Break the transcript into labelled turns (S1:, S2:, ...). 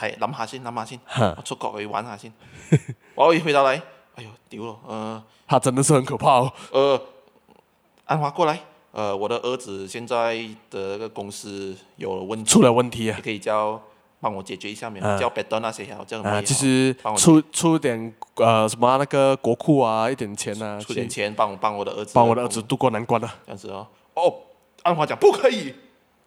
S1: 係諗下先，諗下先。我出國去玩下先。我一呵回到來。哎呦，屌了。嗯、呃，他真的是很可怕哦。呃，安華過來。呃，我的兒子現在的那個公司有問出了問題了，可以叫幫我解決一下咩、啊？叫別的那些人，叫好啊，其、就、實、是、出出點，呃，什麼、啊、那個國庫啊，一點錢啊，出，出點錢去幫我幫我的兒子，幫我的兒子渡過難關啦。這樣子哦。哦，安華講不可以。